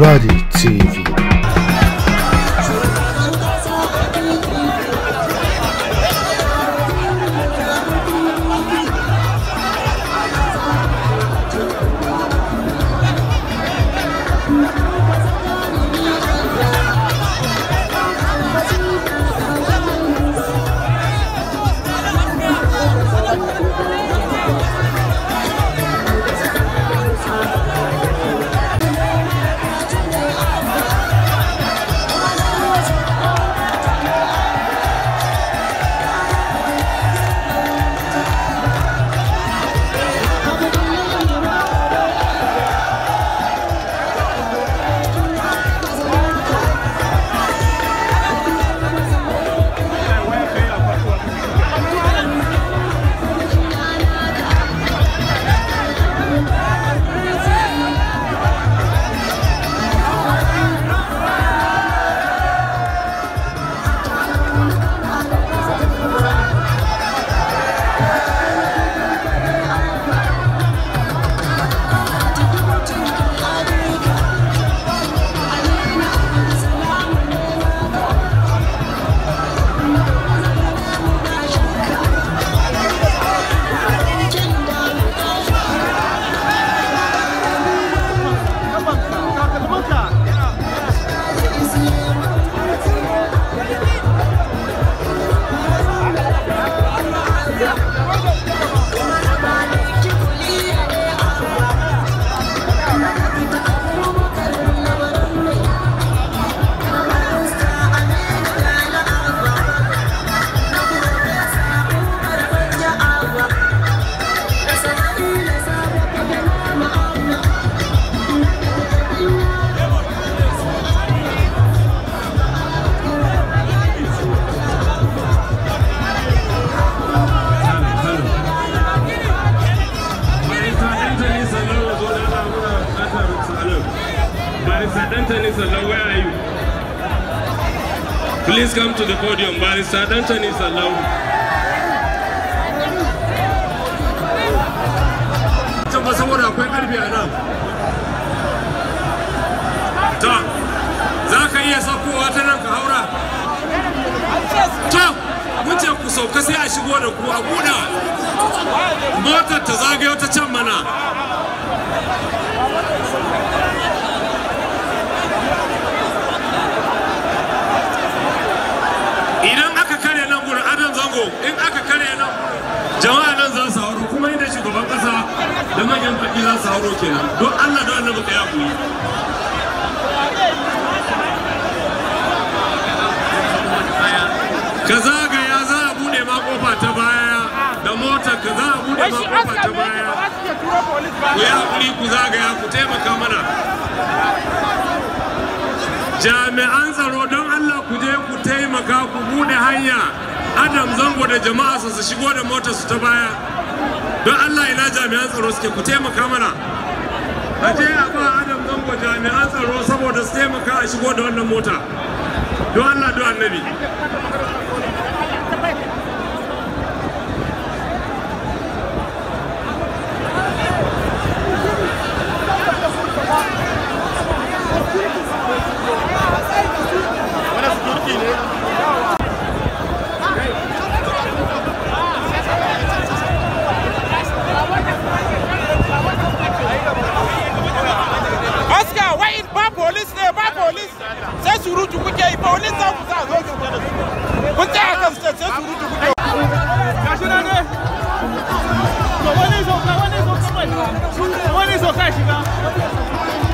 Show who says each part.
Speaker 1: モラディ TV Barrister Dantani Sallau, where are you? Please come to the podium, Barrister Dantani Sallau. akwai iya ta ku sauka sai a shigo da ku a buɗa motar ta zagayo ta can mana na sauro kenan don Allah don annabi ka ya kuyi ka zagaya za a bude ma kofa ta baya da motar ka za a bude ma kofa ta baya ku yi haƙuri ku zagaya ku taimaka mana jami'an tsaro don Allah ku je ku taimaka ku bude hanya adam zango da jama'a su shigo da motar su ta baya don Allah ina jami'an tsaro suke ku taimaka mana a je a ba adam zango jami'an tsaro saboda su taimaka a shigo da wannan mota don Allah don annabi 走，往内走，往内走，往内走，往内走，快行吧。